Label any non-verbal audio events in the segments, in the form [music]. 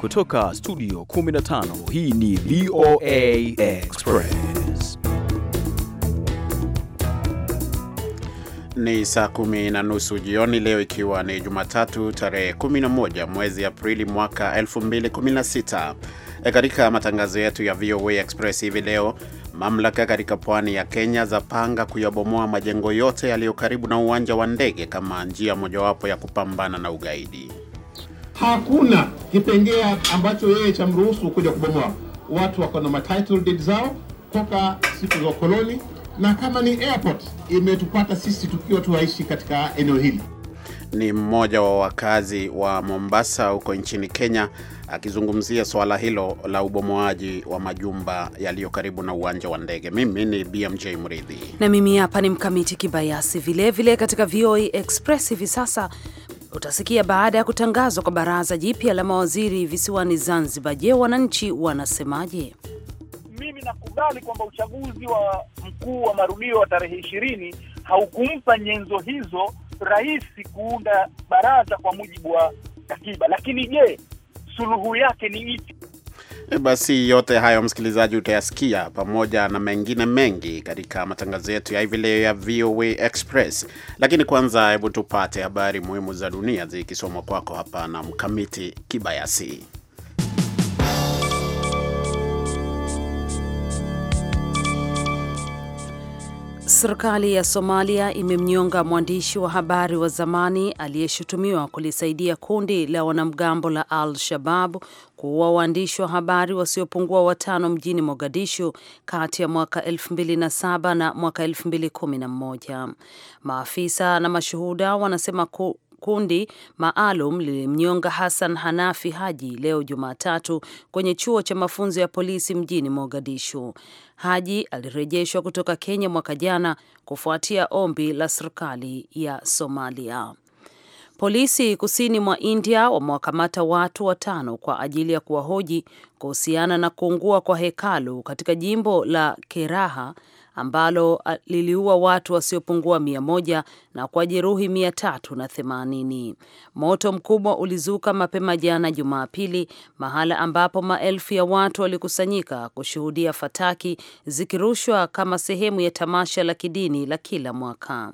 Kutoka studio 15 hii ni VOA Express. Ni saa kumi na nusu jioni leo, ikiwa ni Jumatatu tarehe 11 mwezi Aprili mwaka 2016. E, katika matangazo yetu ya VOA Express hivi leo, mamlaka katika pwani ya Kenya zapanga kuyabomoa majengo yote yaliyo karibu na uwanja wa ndege kama njia mojawapo ya kupambana na ugaidi hakuna kipengea ambacho yeye chamruhusu kuja kubomoa. Watu wako na title deed zao toka siku za ukoloni, na kama ni airport imetupata sisi tukiwa tuwaishi katika eneo hili. Ni mmoja wa wakazi wa Mombasa huko nchini Kenya akizungumzia swala hilo la ubomoaji wa majumba yaliyo karibu na uwanja wa ndege. Mimi ni BMJ Mridhi na mimi hapa ni Mkamiti Kibayasi. Vilevile katika VOA Express hivi sasa Utasikia baada ya kutangazwa kwa baraza jipya la mawaziri visiwani Zanzibar. Je, wananchi wanasemaje? Mimi nakubali kwamba uchaguzi wa mkuu wa marudio wa tarehe ishirini haukumpa nyenzo hizo rais kuunda baraza kwa mujibu wa katiba, lakini je, suluhu yake ni ipi? E, basi yote hayo msikilizaji, utayasikia pamoja na mengine mengi katika matangazo yetu ya hivi leo ya VOA Express, lakini kwanza, hebu tupate habari muhimu za dunia zikisomwa kwako hapa na Mkamiti Kibayasi. Serikali ya Somalia imemnyonga mwandishi wa habari wa zamani aliyeshutumiwa kulisaidia kundi la wanamgambo la Al-Shabab kuua waandishi wa habari wasiopungua watano mjini Mogadishu kati ya mwaka 2007 na mwaka 2011. Maafisa na mashuhuda wanasema ku kundi maalum lilimnyonga Hassan Hanafi Haji leo Jumatatu kwenye chuo cha mafunzo ya polisi mjini Mogadishu. Haji alirejeshwa kutoka Kenya mwaka jana kufuatia ombi la serikali ya Somalia. Polisi kusini mwa India wamewakamata watu watano kwa ajili ya kuwahoji kuhusiana na kuungua kwa hekalu katika jimbo la Keraha ambalo liliua watu wasiopungua mia moja na kujeruhi mia tatu na Moto mkubwa ulizuka mapema jana Jumapili mahala ambapo maelfu ya watu walikusanyika kushuhudia fataki zikirushwa kama sehemu ya tamasha la kidini la kila mwaka.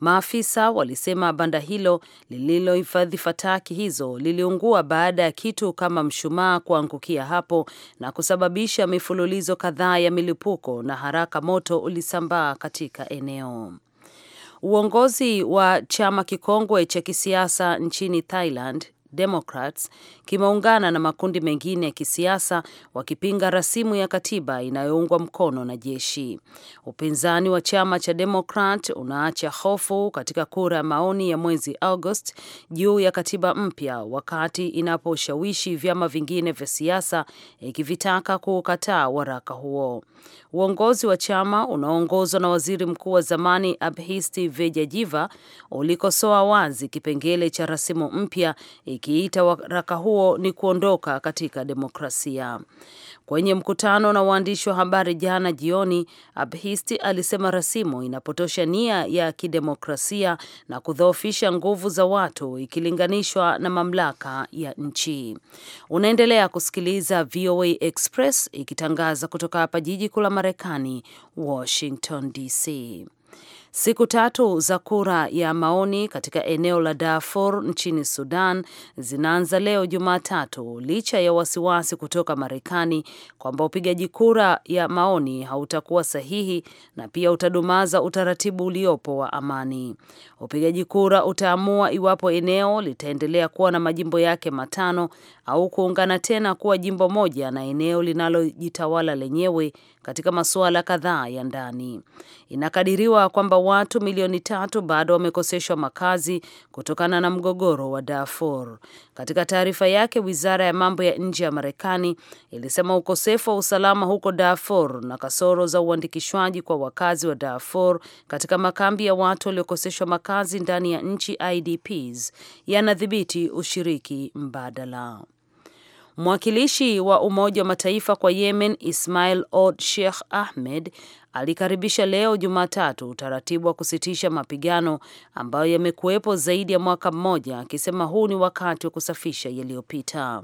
Maafisa walisema banda hilo lililohifadhi fataki hizo liliungua baada ya kitu kama mshumaa kuangukia hapo na kusababisha mifululizo kadhaa ya milipuko na haraka moto ulisambaa katika eneo. Uongozi wa chama kikongwe cha kisiasa nchini Thailand Democrats kimeungana na makundi mengine ya kisiasa wakipinga rasimu ya katiba inayoungwa mkono na jeshi. Upinzani wa chama cha Democrat unaacha hofu katika kura ya maoni ya mwezi August juu ya katiba mpya wakati inaposhawishi vyama vingine vya siasa ikivitaka kuukataa waraka huo. Uongozi wa chama unaoongozwa na waziri mkuu wa zamani Abhisti Vejajiva ulikosoa wazi kipengele cha rasimu mpya ikiita waraka huo ni kuondoka katika demokrasia. Kwenye mkutano na waandishi wa habari jana jioni, Abhisti alisema rasimu inapotosha nia ya kidemokrasia na kudhoofisha nguvu za watu ikilinganishwa na mamlaka ya nchi. Unaendelea kusikiliza VOA Express ikitangaza kutoka hapa jiji kuu la Marekani, Washington DC. Siku tatu za kura ya maoni katika eneo la Darfur nchini Sudan zinaanza leo Jumatatu, licha ya wasiwasi kutoka Marekani kwamba upigaji kura ya maoni hautakuwa sahihi na pia utadumaza utaratibu uliopo wa amani. Upigaji kura utaamua iwapo eneo litaendelea kuwa na majimbo yake matano au kuungana tena kuwa jimbo moja na eneo linalojitawala lenyewe katika masuala kadhaa ya ndani. Inakadiriwa kwamba watu milioni tatu bado wamekoseshwa makazi kutokana na mgogoro wa Darfur. Katika taarifa yake, wizara ya mambo ya nje ya Marekani ilisema ukosefu wa usalama huko Darfur na kasoro za uandikishwaji kwa wakazi wa Darfur katika makambi ya watu waliokoseshwa makazi ndani ya nchi IDPs yanadhibiti ushiriki mbadala. Mwakilishi wa Umoja wa Mataifa kwa Yemen Ismail od Sheikh Ahmed alikaribisha leo Jumatatu utaratibu wa kusitisha mapigano ambayo yamekuwepo zaidi ya mwaka mmoja, akisema huu ni wakati wa kusafisha yaliyopita.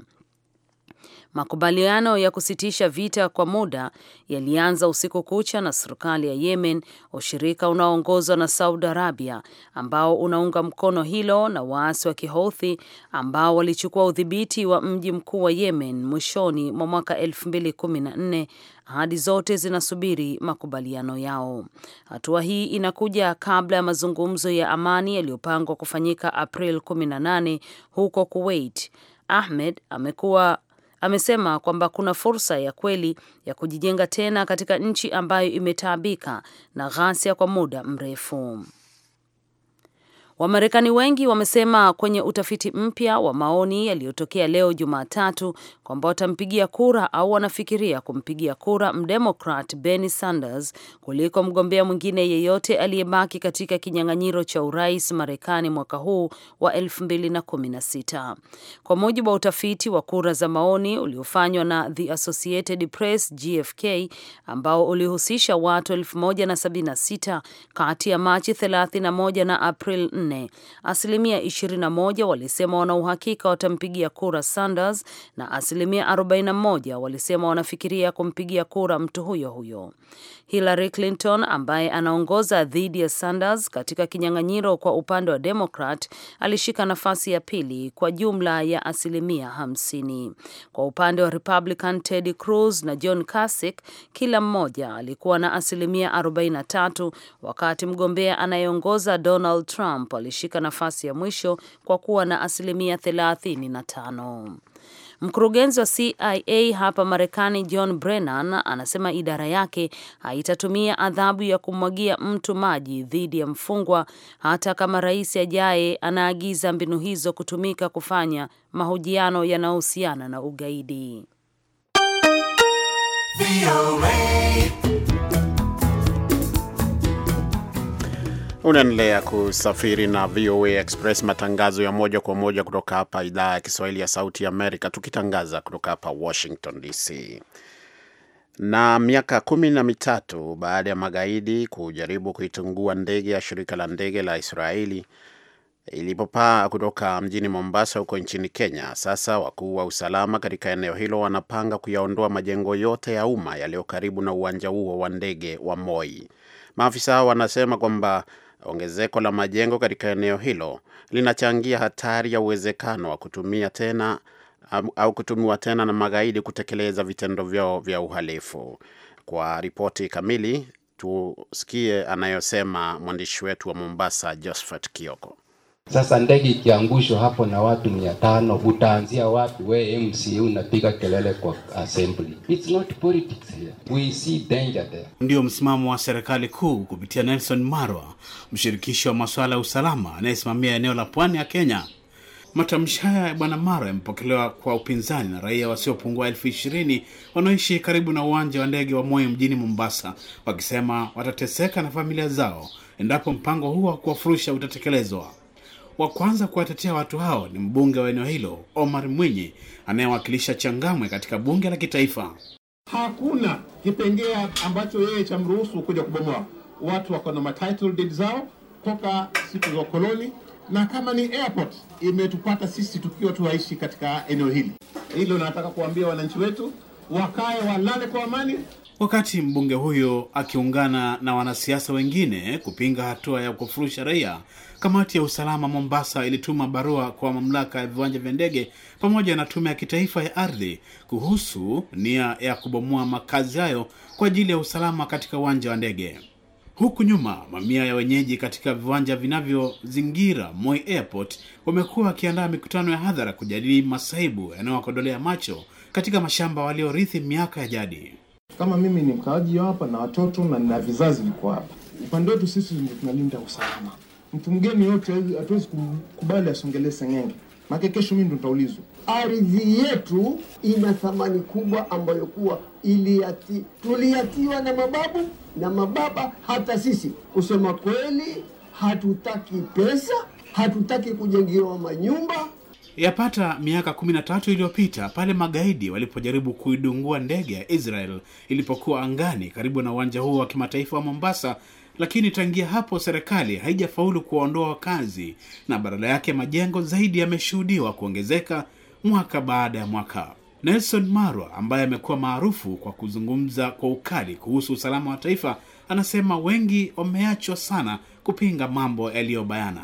Makubaliano ya kusitisha vita kwa muda yalianza usiku kucha na serikali ya Yemen, ushirika unaoongozwa na Saudi Arabia ambao unaunga mkono hilo na waasi wa Kihouthi ambao walichukua udhibiti wa mji mkuu wa Yemen mwishoni mwa mwaka 2014. Ahadi zote zinasubiri makubaliano yao. Hatua hii inakuja kabla ya mazungumzo ya amani yaliyopangwa kufanyika April 18 huko Kuwait. Ahmed amekuwa amesema kwamba kuna fursa ya kweli ya kujijenga tena katika nchi ambayo imetaabika na ghasia kwa muda mrefu. Wamarekani wengi wamesema kwenye utafiti mpya wa maoni yaliyotokea leo Jumatatu kwamba watampigia kura au wanafikiria kumpigia kura mdemokrat Bernie Sanders kuliko mgombea mwingine yeyote aliyebaki katika kinyang'anyiro cha urais Marekani mwaka huu wa 2016. Kwa mujibu wa utafiti wa kura za maoni uliofanywa na The Associated Press GFK, ambao ulihusisha watu 1076 kati ya Machi 31 na April nne. asilimia 21 walisema wana uhakika watampigia kura Sanders na asilimia 41 walisema wanafikiria kumpigia kura mtu huyo huyo. Hillary Clinton ambaye anaongoza dhidi ya Sanders katika kinyang'anyiro kwa upande wa Demokrat alishika nafasi ya pili kwa jumla ya asilimia 50. Kwa upande wa Republican, Ted Cruz na John Kasich kila mmoja alikuwa na asilimia 43, wakati mgombea anayeongoza Donald Trump alishika nafasi ya mwisho kwa kuwa na asilimia 35. Mkurugenzi wa CIA hapa Marekani, John Brennan, anasema idara yake haitatumia adhabu ya kumwagia mtu maji dhidi ya mfungwa hata kama rais ajaye anaagiza mbinu hizo kutumika kufanya mahojiano yanayohusiana na ugaidi. Unaendelea kusafiri na VOA Express, matangazo ya moja kwa moja kutoka hapa idhaa ya Kiswahili ya Sauti Amerika, tukitangaza kutoka hapa Washington DC. Na miaka kumi na mitatu baada ya magaidi kujaribu kuitungua ndege ya shirika la ndege la Israeli ilipopaa kutoka mjini Mombasa huko nchini Kenya, sasa wakuu wa usalama katika eneo hilo wanapanga kuyaondoa majengo yote ya umma yaliyo karibu na uwanja huo wa ndege wa Moi. Maafisa hao wanasema kwamba Ongezeko la majengo katika eneo hilo linachangia hatari ya uwezekano wa kutumia tena au kutumiwa tena na magaidi kutekeleza vitendo vyao vya uhalifu. Kwa ripoti kamili, tusikie anayosema mwandishi wetu wa Mombasa, Josphat Kioko. Sasa ndege ikiangushwa hapo na watu mia tano, utaanzia wapi? We MCA unapiga kelele kwa assembly, it's not politics here, we see danger there. Ndio msimamo wa serikali kuu kupitia Nelson Marwa, mshirikishi wa masuala ya usalama anayesimamia eneo la pwani ya Kenya. Matamshi haya ya Bwana Marwa yamepokelewa kwa upinzani na raia wasiopungua elfu ishirini wanaoishi karibu na uwanja wa ndege wa Moi mjini Mombasa, wakisema watateseka na familia zao endapo mpango huo wa kuwafurusha utatekelezwa. Wa kwanza kuwatetea watu hao ni mbunge wa eneo hilo Omar Mwinyi anayewakilisha Changamwe katika bunge la kitaifa. Hakuna kipengea ambacho yeye chamruhusu kuja kubomoa. Watu wako na matitle deed zao toka siku za ukoloni, na kama ni airport imetupata sisi tukiwa tuwaishi katika eneo hili hilo. Nataka kuambia wananchi wetu wakae walale kwa amani wakati mbunge huyo akiungana na wanasiasa wengine kupinga hatua ya kufurusha raia. Kamati ya usalama Mombasa ilituma barua kwa mamlaka ya viwanja vya ndege pamoja na tume ya kitaifa ya ardhi kuhusu nia ya kubomoa makazi hayo kwa ajili ya usalama katika uwanja wa ndege. Huku nyuma mamia ya wenyeji katika viwanja vinavyozingira Moi Airport wamekuwa wakiandaa mikutano ya hadhara kujadili masaibu yanayowakodolea macho katika mashamba waliorithi miaka ya jadi. Kama mimi ni mkaaji hapa na watoto na na vizazi viko hapa, upande wetu sisi ndio tunalinda usalama. Mtu mgeni yote hatuwezi kukubali asongele seng'enge, maana kesho mimi ndo nitaulizwa. Ardhi yetu ina thamani kubwa ambayo kuwa iliati tuliatiwa na mababu na mababa. Hata sisi kusema kweli, hatutaki pesa, hatutaki kujengewa manyumba yapata miaka 13 iliyopita pale magaidi walipojaribu kuidungua ndege ya israel ilipokuwa angani karibu na uwanja huo wa kimataifa wa mombasa lakini tangia hapo serikali haijafaulu kuwaondoa wakazi na badala yake majengo zaidi yameshuhudiwa kuongezeka mwaka baada ya mwaka nelson marwa ambaye amekuwa maarufu kwa kuzungumza kwa ukali kuhusu usalama wa taifa anasema wengi wameachwa sana kupinga mambo yaliyobayana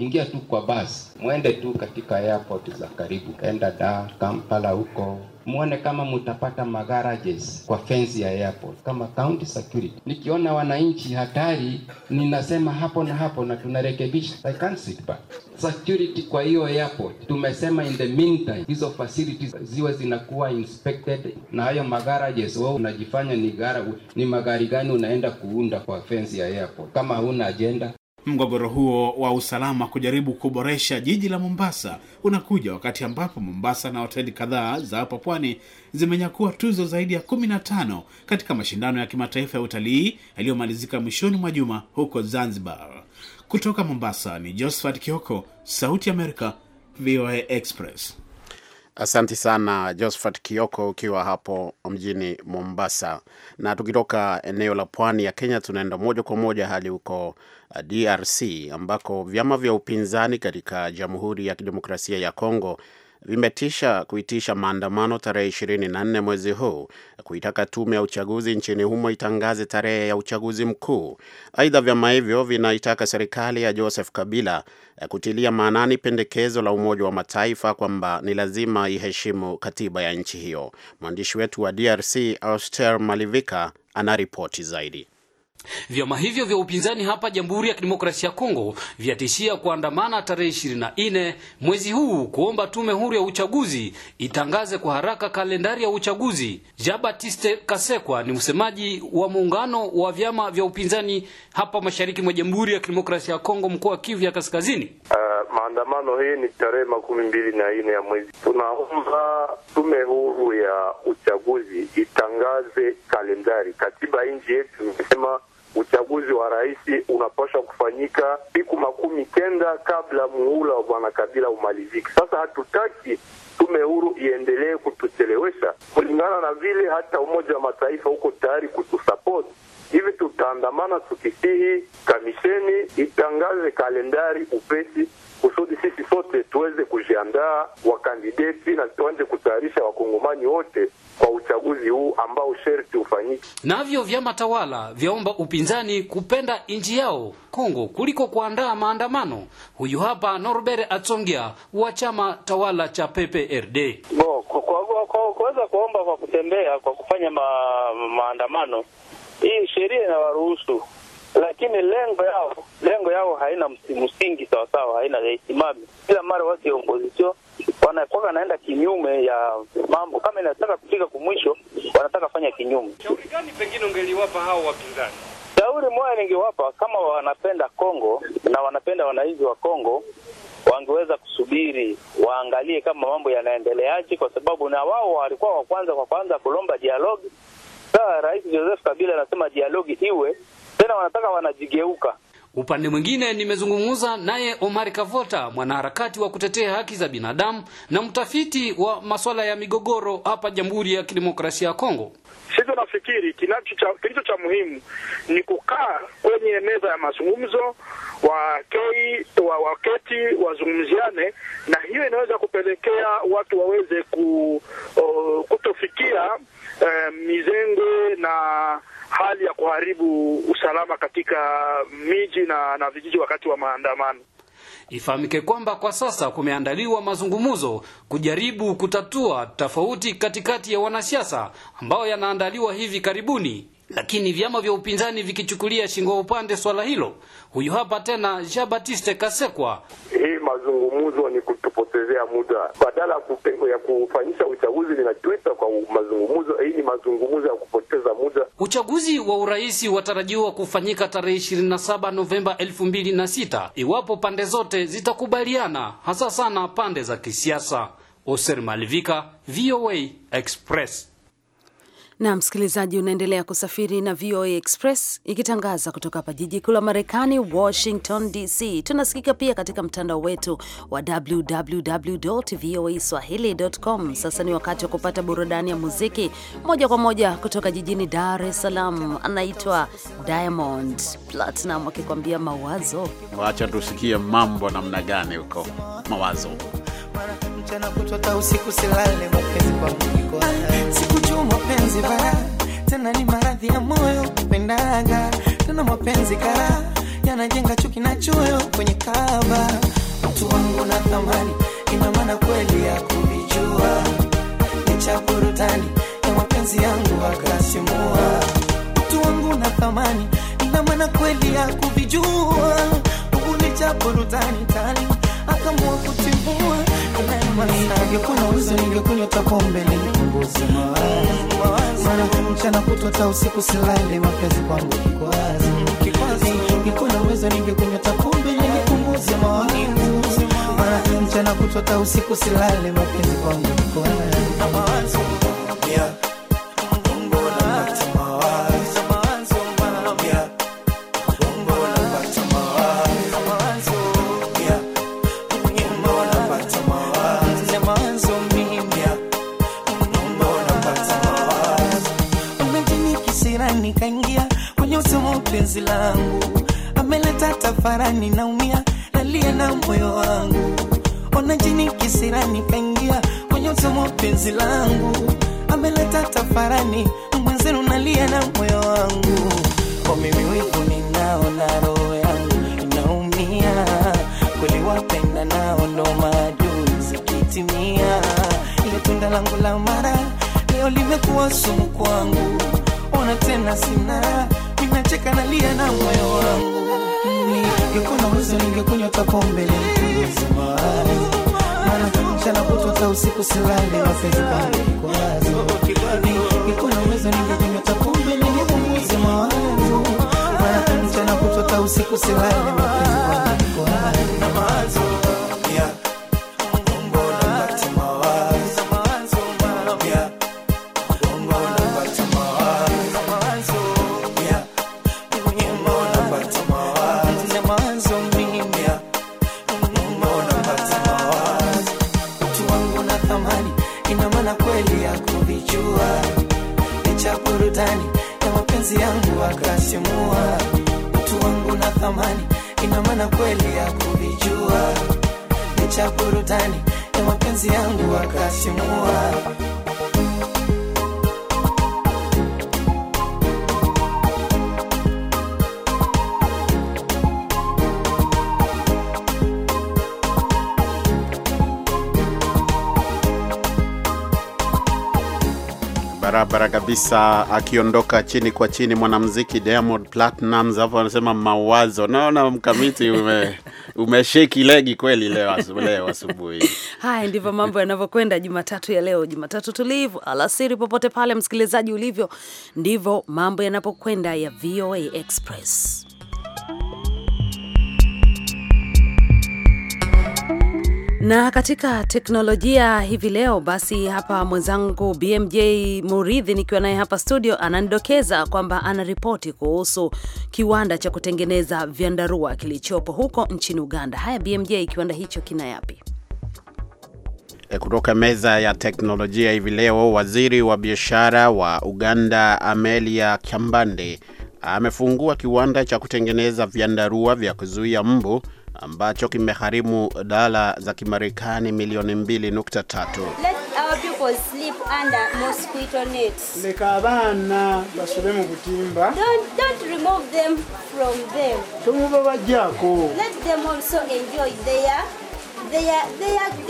ingia tu kwa basi, mwende tu katika airport za karibu, enda da Kampala huko muone kama mutapata magarages kwa fence ya airport kama county security. Nikiona wananchi hatari, ninasema hapo na hapo na tunarekebisha. I can't sit back. Security kwa hiyo airport tumesema, in the meantime hizo facilities ziwe zinakuwa inspected na hayo magarages. Wewe unajifanya ni gara, ni magari gani unaenda kuunda kwa fence ya airport kama huna agenda? Mgogoro huo wa usalama kujaribu kuboresha jiji la Mombasa unakuja wakati ambapo Mombasa na hoteli kadhaa za hapa pwani zimenyakua tuzo zaidi ya 15 katika mashindano ya kimataifa ya utalii yaliyomalizika mwishoni mwa juma huko Zanzibar. Kutoka Mombasa ni Josephat Kioko, Sauti ya Amerika, VOA Express. Asante sana Josephat Kioko, ukiwa hapo mjini Mombasa. Na tukitoka eneo la pwani ya Kenya, tunaenda moja kwa moja hadi huko uh, DRC ambako vyama vya upinzani katika Jamhuri ya Kidemokrasia ya Kongo vimetisha kuitisha maandamano tarehe nne mwezi huu kuitaka tume ya uchaguzi nchini humo itangaze tarehe ya uchaguzi mkuu. Aidha, vyama hivyo vinaitaka serikali ya Joseph Kabila eh, kutilia maanani pendekezo la Umoja wa Mataifa kwamba ni lazima iheshimu katiba ya nchi hiyo. Mwandishi wetu wa DRC Auster Malivika ana ripoti zaidi. Vyama hivyo vya upinzani hapa Jamhuri ya Kidemokrasia ya Kongo vyatishia kuandamana tarehe 24 mwezi huu kuomba tume huru ya uchaguzi itangaze kwa haraka kalendari ya uchaguzi. Jean Baptiste Kasekwa ni msemaji wa muungano wa vyama vya upinzani hapa mashariki mwa Jamhuri ya Kidemokrasia ya Kongo, mkoa wa Kivu ya Kaskazini. Uh, maandamano hii ni tarehe makumi mbili na nne ya mwezi. Tunaomba tume huru ya uchaguzi itangaze kalendari. Katiba nchi yetu imesema uchaguzi wa rais unapaswa kufanyika siku makumi kenda kabla muhula wa bwana Kabila umaliziki. Sasa hatutaki tume huru iendelee kutuchelewesha, kulingana na vile hata Umoja wa Mataifa uko tayari kutusupport hivi tutaandamana tukisihi kamisheni itangaze kalendari upesi kusudi sisi sote tuweze kujiandaa wakandideti na tuanze kutayarisha wakongomani wote kwa uchaguzi huu ambao sherti ufanyike. Navyo vyama tawala vyaomba upinzani kupenda nchi yao Kongo kuliko kuandaa maandamano. Huyu hapa Norbert Atsongia wa chama tawala cha PPRD. No, kuweza kuomba kwa kutembea kwa kufanya ma, maandamano, hii sheria inawaruhusu, lakini lengo yao lengo yao haina msingi sawasawa, haina haisimami. Kila mara watu ya opposition wanakuwa wanaenda kinyume ya mambo, kama inataka kufika kumwisho, wanataka fanya kinyume. Shauri gani pengine ungeliwapa hao wapinzani? Shauri moja ningewapa, kama wanapenda Kongo na wanapenda wananchi wa Kongo, wangeweza kusubiri waangalie kama mambo yanaendeleaje, kwa sababu na wao walikuwa wa kwanza kwa kwanza kulomba dialogi. Sasa Rais Joseph Kabila anasema dialogi iwe tena, wanataka wanajigeuka Upande mwingine nimezungumza naye Omar Kavota, mwanaharakati wa kutetea haki za binadamu na mtafiti wa masuala ya migogoro hapa Jamhuri ya Kidemokrasia ya Kongo. Sisi nafikiri kilicho cha muhimu ni kukaa kwenye meza ya mazungumzo, kei, wa waketi wazungumziane, na hiyo inaweza kupelekea watu waweze ku, o, kutofikia eh, mizengo na hali ya kuharibu usalama katika miji na, na vijiji wakati wa maandamano. Ifahamike kwamba kwa sasa kumeandaliwa mazungumzo kujaribu kutatua tofauti katikati ya wanasiasa ambao yanaandaliwa hivi karibuni, lakini vyama vya upinzani vikichukulia shingo upande swala hilo. Huyu hapa tena Jean Baptiste Kasekwa. Hii mazungumzo ni ya muda badala ya kufanyisha uchaguzi linatuita kwa mazungumzo. Hii ni mazungumzo ya kupoteza muda. Uchaguzi wa urais watarajiwa kufanyika tarehe 27 Novemba 2006 iwapo pande zote zitakubaliana, hasa sana pande za kisiasa. Oser Malivika, VOA Express na msikilizaji, unaendelea kusafiri na VOA Express ikitangaza kutoka hapa jiji kuu la Marekani, Washington DC. Tunasikika pia katika mtandao wetu wa www voa swahili.com. Sasa ni wakati wa kupata burudani ya muziki moja kwa moja kutoka jijini Dar es Salaam. Anaitwa Diamond Platinum akikuambia mawazo. Wacha tusikie mambo namna gani huko mawazo mara mchana mapenzi kwa tena ni maradhi ya moyo pendaga tena mapenzi kara yanajenga chuki na choyo kwenye kaba mtu wangu na thamani ina maana kweli ya kuvijua licha burudani ya mapenzi yangu akasimua mtu wangu na thamani ina maana kweli ya kuvijua huku licha burudani tani akamua kutimbua ningekunywa uzo ningekunywa takombe nipunguze mawazo, mara mchana kutota usiku silale, mapenzi kwangu kikwazo. Ningekunywa uzo ningekunywa takombe nipunguze mawazo, mara mchana kutota usiku silale, mapenzi kwangu kikwazo. Farani naumia, nalia na moyo wangu, ona jini kisirani pengia mwenyotomo penzi langu ameleta tafarani mwenzenu, nalia na moyo wangu, kwa mimi wivu ninaona, roho yangu inaumia kweli, wapenda nao ndo maadui, zikitimia ile tunda langu la mara leo limekuwa sumu kwangu, ona tena sina nacheka nalia na moyo wangu ningekuwa naweza ningekunywa kapombe mchana kutoka usiku silale mapenzi kwazo ningekuwa naweza ningekunywa kapombe ningepunguze mawazo mchana kutoka usiku silale mapenzi barabara kabisa, akiondoka chini kwa chini mwanamuziki Diamond Platnumz, hapo anasema mawazo. Naona mkamiti ume [laughs] umesheki legi kweli leo leo asubuhi. Haya ndivyo mambo yanavyokwenda Jumatatu ya leo, Jumatatu tulivu alasiri. Popote pale msikilizaji ulivyo, ndivyo mambo yanapokwenda ya VOA Express. Na katika teknolojia hivi leo basi, hapa mwenzangu BMJ Muridhi nikiwa naye hapa studio, ananidokeza kwamba ana ripoti kuhusu kiwanda cha kutengeneza vyandarua kilichopo huko nchini Uganda. Haya BMJ, kiwanda hicho kina yapi? E, kutoka meza ya teknolojia hivi leo, waziri wa biashara wa Uganda Amelia Kyambande amefungua kiwanda cha kutengeneza vyandarua vya kuzuia mbu ambacho kimeharimu dola za Kimarekani milioni 2.3. Leka abana basube mu butimba. Don't, don't remove them from them. Let them also enjoy their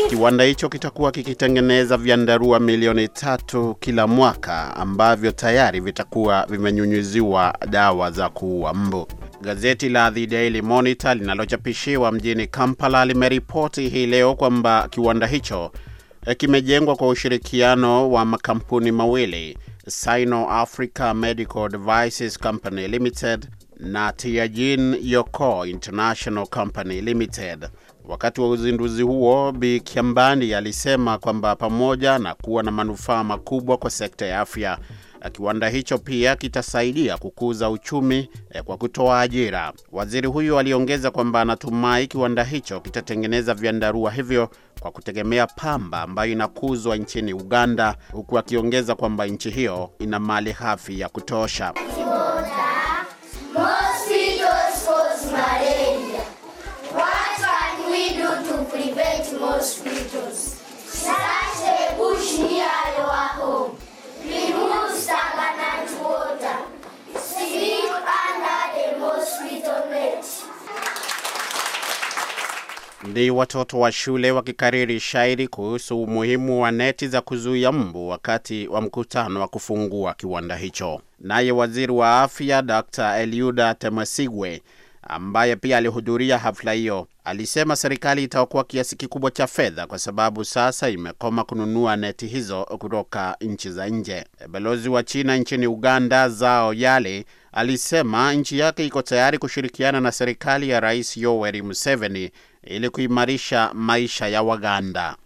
Kiwanda hicho kitakuwa kikitengeneza vyandarua milioni tatu kila mwaka ambavyo tayari vitakuwa vimenyunyuziwa dawa za kuua mbu. Gazeti la The Daily Monitor linalochapishiwa mjini Kampala limeripoti hii leo kwamba kiwanda hicho eh, kimejengwa kwa ushirikiano wa makampuni mawili Sino Africa Medical Devices Company Limited na Tiajin Yoko International Company Limited. Wakati wa uzinduzi huo, Bi Kiambani alisema kwamba pamoja na kuwa na manufaa makubwa kwa sekta ya afya Kiwanda hicho pia kitasaidia kukuza uchumi e, kwa kutoa ajira. Waziri huyo aliongeza kwamba anatumai kiwanda hicho kitatengeneza vyandarua hivyo kwa kutegemea pamba ambayo inakuzwa nchini Uganda, huku akiongeza kwamba nchi hiyo ina mali ghafi ya kutosha. Ni watoto wa shule wakikariri shairi kuhusu umuhimu wa neti za kuzuia mbu wakati wa mkutano wa kufungua kiwanda hicho. Naye waziri wa afya Dr. Eliuda Temesigwe ambaye pia alihudhuria hafla hiyo alisema serikali itaokoa kiasi kikubwa cha fedha kwa sababu sasa imekoma kununua neti hizo kutoka nchi za nje. Balozi wa China nchini Uganda, Zao Yale, alisema nchi yake iko tayari kushirikiana na serikali ya Rais Yoweri Museveni ili kuimarisha maisha ya Waganda.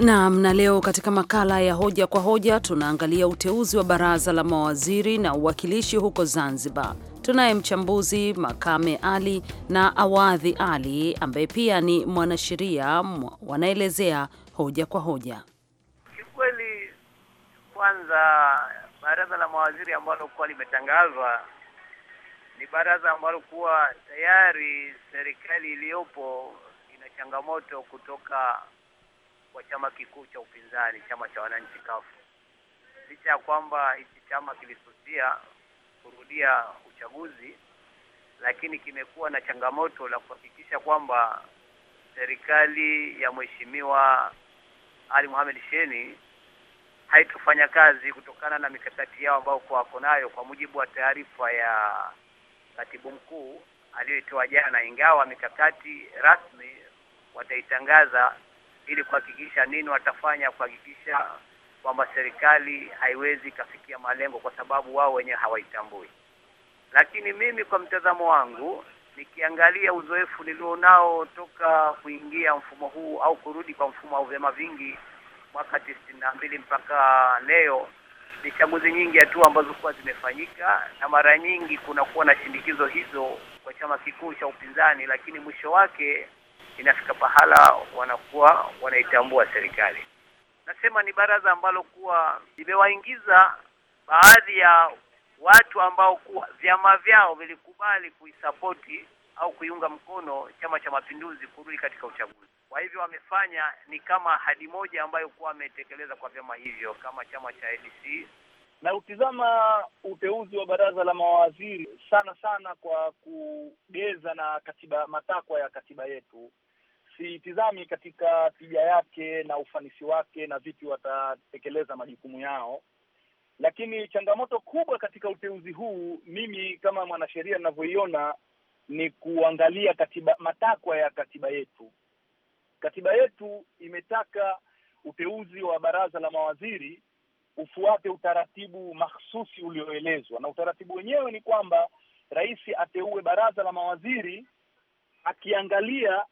Naam, na leo katika makala ya hoja kwa hoja tunaangalia uteuzi wa baraza la mawaziri na uwakilishi huko Zanzibar. Tunaye mchambuzi Makame Ali na Awadhi Ali ambaye pia ni mwanasheria, wanaelezea hoja kwa hoja. Kikweli, kwanza baraza la mawaziri ambalo kuwa limetangazwa ni baraza ambalo kuwa tayari serikali iliyopo ina changamoto kutoka kwa chama kikuu cha upinzani, chama cha wananchi kafu licha ya kwamba hichi chama kilisusia kurudia uchaguzi, lakini kimekuwa na changamoto la kuhakikisha kwamba serikali ya mheshimiwa Ali Mohamed Sheni haitofanya kazi kutokana na mikakati yao ambao kwa wako nayo, kwa mujibu wa taarifa ya katibu mkuu aliyoitoa jana, ingawa mikakati rasmi wataitangaza ili kuhakikisha nini watafanya kuhakikisha kwamba serikali haiwezi ikafikia malengo, kwa sababu wao wenyewe hawaitambui. Lakini mimi kwa mtazamo wangu, nikiangalia uzoefu nilionao toka kuingia mfumo huu au kurudi kwa mfumo wa vyama vingi mwaka tisini na mbili mpaka leo ni chaguzi nyingi hatua ambazo kuwa zimefanyika, na mara nyingi kunakuwa na shindikizo hizo kwa chama kikuu cha upinzani, lakini mwisho wake inafika pahala wanakuwa wanaitambua serikali. Nasema ni baraza ambalo kuwa limewaingiza baadhi ya watu ambao kuwa vyama vyao vilikubali kuisapoti au kuiunga mkono Chama cha Mapinduzi kurudi katika uchaguzi. Kwa hivyo wamefanya ni kama ahadi moja ambayo kuwa ametekeleza kwa vyama hivyo kama chama cha ADC. Na utizama uteuzi wa baraza la mawaziri sana sana kwa kugeza na katiba, matakwa ya katiba yetu sitizami katika tija yake na ufanisi wake na vipi watatekeleza majukumu yao, lakini changamoto kubwa katika uteuzi huu, mimi kama mwanasheria ninavyoiona, ni kuangalia katiba, matakwa ya katiba yetu. Katiba yetu imetaka uteuzi wa baraza la mawaziri ufuate utaratibu mahsusi ulioelezwa, na utaratibu wenyewe ni kwamba rais ateue baraza la mawaziri akiangalia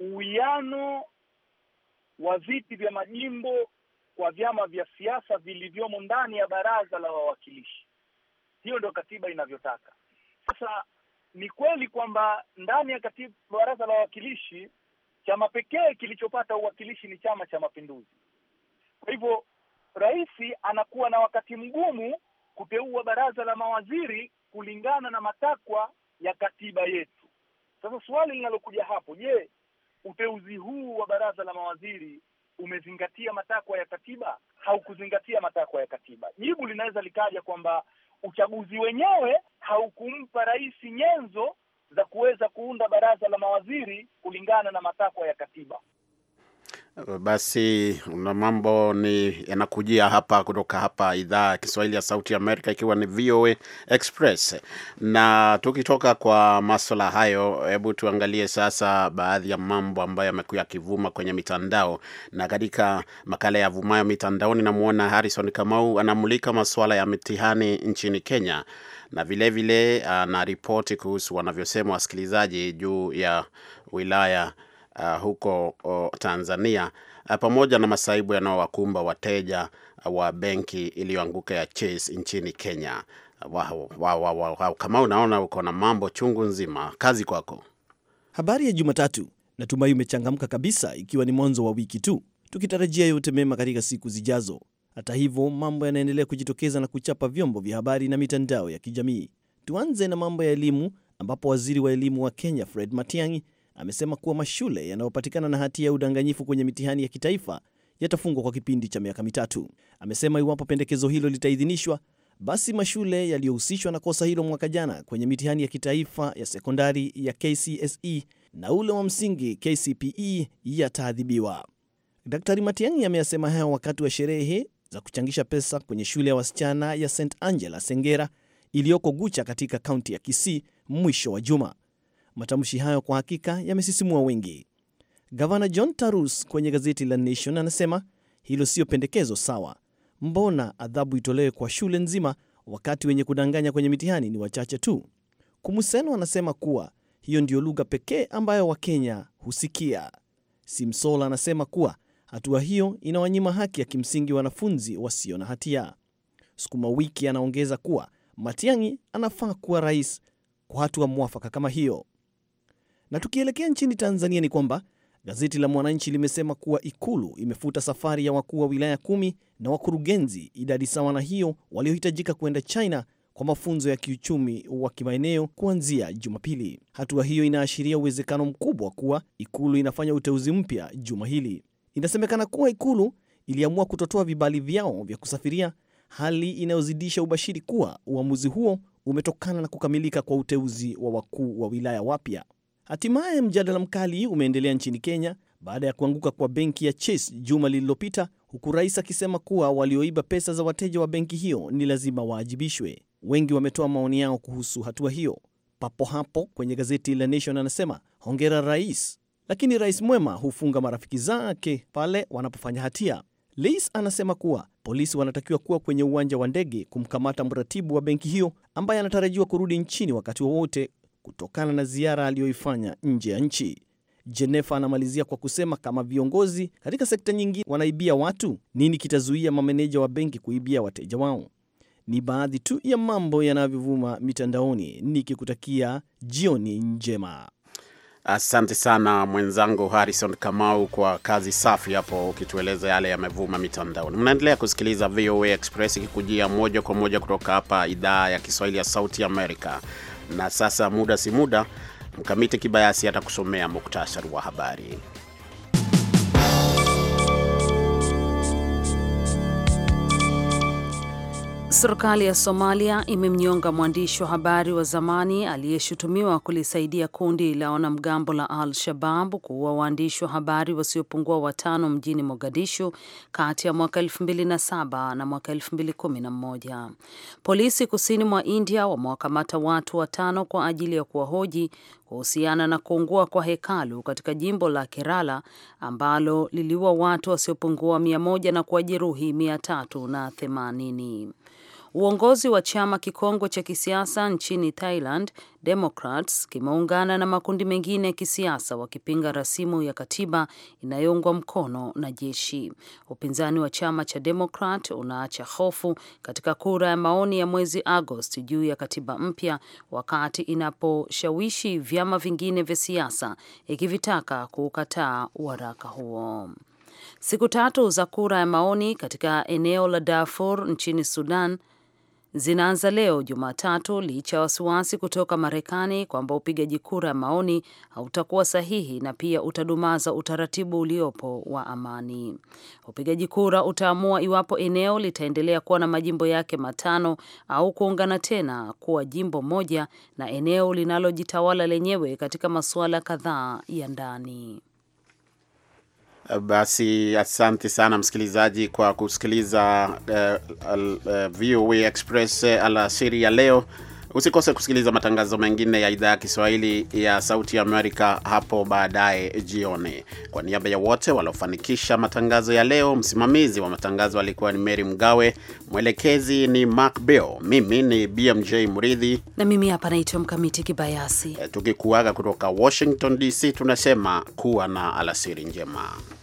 uwiano wa viti vya majimbo kwa vyama vya siasa vilivyomo ndani ya baraza la wawakilishi. Hiyo ndio katiba inavyotaka. Sasa ni kweli kwamba ndani ya katiba baraza la wawakilishi chama pekee kilichopata uwakilishi ni Chama cha Mapinduzi. Kwa hivyo, rais anakuwa na wakati mgumu kuteua baraza la mawaziri kulingana na matakwa ya katiba yetu. Sasa swali linalokuja hapo, je, uteuzi huu wa baraza la mawaziri umezingatia matakwa ya katiba? Haukuzingatia matakwa ya katiba. Jibu linaweza likaja kwamba uchaguzi wenyewe haukumpa rais nyenzo za kuweza kuunda baraza la mawaziri kulingana na matakwa ya katiba. Basi na mambo ni yanakujia hapa kutoka hapa idhaa ya Kiswahili ya Sauti Amerika, ikiwa ni VOA Express. Na tukitoka kwa maswala hayo, hebu tuangalie sasa baadhi ya mambo ambayo yamekuwa yakivuma kwenye mitandao. Na katika makala ya vumayo mitandaoni, namwona Harrison Kamau anamulika masuala ya mitihani nchini Kenya na vilevile vile, uh, kuhusu wanavyosema wasikilizaji juu ya wilaya uh, huko uh, Tanzania uh, pamoja na masaibu yanayowakumba wateja uh, wa benki iliyoanguka ya Chase nchini Kenya. Wow, wow, wow, wow. Kama unaona uko na mambo chungu nzima. Kazi kwako. Habari ya Jumatatu, natumai umechangamka kabisa, ikiwa ni mwanzo wa wiki tu, tukitarajia yote mema katika siku zijazo. Hata hivyo, mambo yanaendelea kujitokeza na kuchapa vyombo vya habari na mitandao ya kijamii. Tuanze na mambo ya elimu, ambapo waziri wa elimu wa Kenya Fred Matiang'i amesema kuwa mashule yanayopatikana na hatia ya udanganyifu kwenye mitihani ya kitaifa yatafungwa kwa kipindi cha miaka mitatu. Amesema iwapo pendekezo hilo litaidhinishwa, basi mashule yaliyohusishwa na kosa hilo mwaka jana kwenye mitihani ya kitaifa ya sekondari ya KCSE na ule wa msingi KCPE yataadhibiwa. Daktari Matiang'i ameyasema hayo wakati wa sherehe za kuchangisha pesa kwenye shule ya wasichana ya St Angela Sengera iliyoko Gucha katika kaunti ya Kisii mwisho wa juma. Matamshi hayo kwa hakika yamesisimua wengi. Gavana John Tarus kwenye gazeti la Nation anasema hilo siyo pendekezo sawa. Mbona adhabu itolewe kwa shule nzima wakati wenye kudanganya kwenye mitihani ni wachache tu? Kumuseno anasema kuwa hiyo ndiyo lugha pekee ambayo Wakenya husikia. Simsola anasema kuwa Hatua hiyo inawanyima haki ya kimsingi wanafunzi wasio na hatia. Sukuma wiki anaongeza kuwa Matiang'i anafaa kuwa rais kwa hatua mwafaka kama hiyo. Na tukielekea nchini Tanzania ni kwamba gazeti la Mwananchi limesema kuwa Ikulu imefuta safari ya wakuu wa wilaya kumi na wakurugenzi, idadi sawa na hiyo waliohitajika kwenda China kwa mafunzo ya kiuchumi wa kimaeneo kuanzia Jumapili. Hatua hiyo inaashiria uwezekano mkubwa kuwa Ikulu inafanya uteuzi mpya juma hili. Inasemekana kuwa ikulu iliamua kutotoa vibali vyao vya kusafiria, hali inayozidisha ubashiri kuwa uamuzi huo umetokana na kukamilika kwa uteuzi wa wakuu wa wilaya wapya. Hatimaye mjadala mkali umeendelea nchini Kenya baada ya kuanguka kwa benki ya Chase juma lililopita, huku rais akisema kuwa walioiba pesa za wateja wa benki hiyo ni lazima waajibishwe. Wengi wametoa maoni yao kuhusu hatua hiyo. Papo hapo kwenye gazeti la Nation anasema hongera rais lakini rais mwema hufunga marafiki zake pale wanapofanya hatia. lis anasema kuwa polisi wanatakiwa kuwa kwenye uwanja wa ndege kumkamata mratibu wa benki hiyo ambaye anatarajiwa kurudi nchini wakati wowote kutokana na ziara aliyoifanya nje ya nchi. Jenefa anamalizia kwa kusema kama viongozi katika sekta nyingi wanaibia watu, nini kitazuia mameneja wa benki kuibia wateja wao? Ni baadhi tu ya mambo yanavyovuma mitandaoni, nikikutakia jioni njema. Asante sana mwenzangu Harrison Kamau kwa kazi safi hapo, ukitueleza yale yamevuma mitandaoni. Mnaendelea kusikiliza VOA Express ikikujia moja kwa moja kutoka hapa idhaa ya Kiswahili ya Sauti Amerika. Na sasa muda si muda, Mkamiti Kibayasi atakusomea muktasari wa habari. Serikali ya Somalia imemnyonga mwandishi wa habari wa zamani aliyeshutumiwa kulisaidia kundi la wanamgambo la Al Shabab kuua waandishi wa habari wasiopungua watano mjini Mogadishu kati ya mwaka 2007 na mwaka 2011. Polisi kusini mwa India wamewakamata watu watano kwa ajili ya kuwahoji kuhusiana na kuungua kwa hekalu katika jimbo la Kerala ambalo liliua watu wasiopungua mia moja na kuwajeruhi mia tatu na themanini. Uongozi wa chama kikongwe cha kisiasa nchini Thailand, Democrats, kimeungana na makundi mengine ya kisiasa wakipinga rasimu ya katiba inayoungwa mkono na jeshi. Upinzani wa chama cha Democrat unaacha hofu katika kura ya maoni ya mwezi Agosti juu ya katiba mpya, wakati inaposhawishi vyama vingine vya siasa ikivitaka kuukataa waraka huo. Siku tatu za kura ya maoni katika eneo la Darfur nchini Sudan zinaanza leo Jumatatu licha ya wasiwasi kutoka Marekani kwamba upigaji kura ya maoni hautakuwa sahihi na pia utadumaza utaratibu uliopo wa amani. Upigaji kura utaamua iwapo eneo litaendelea kuwa na majimbo yake matano au kuungana tena kuwa jimbo moja na eneo linalojitawala lenyewe katika masuala kadhaa ya ndani. Basi asante sana msikilizaji kwa kusikiliza uh, uh, uh, VOA Express eh, alasiri ya leo. Usikose kusikiliza matangazo mengine ya idhaa ya Kiswahili ya Sauti ya Amerika hapo baadaye jioni. Kwa niaba ya wote waliofanikisha matangazo ya leo, msimamizi wa matangazo alikuwa ni Mary Mgawe, mwelekezi ni Mark Bill, mimi ni BMJ Mridhi na mimi hapa naitwa Mkamiti Kibayasi. Eh, tukikuaga kutoka Washington DC, tunasema kuwa na alasiri njema.